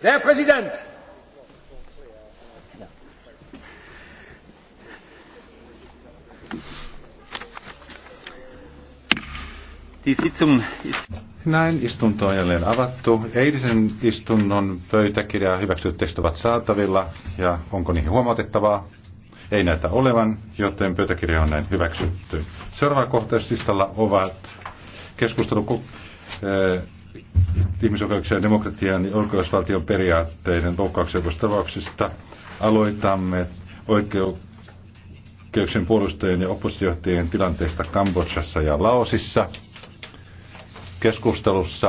Herr Präsident! Näin istunto on jälleen avattu. Eilisen istunnon pöytäkirjaa hyväksytyt tekstit ovat saatavilla ja onko niihin huomautettavaa? Ei näitä olevan, joten pöytäkirja on näin hyväksytty. Seuraava kohteessa listalla ovat keskustelu eh, ihmisoikeuksien, demokratian ja oikeusvaltion periaatteiden loukkauksia aloitamme oikeuksien puolustajien ja oppositiohtajien tilanteesta Kambodsassa ja Laosissa. Keskustelussa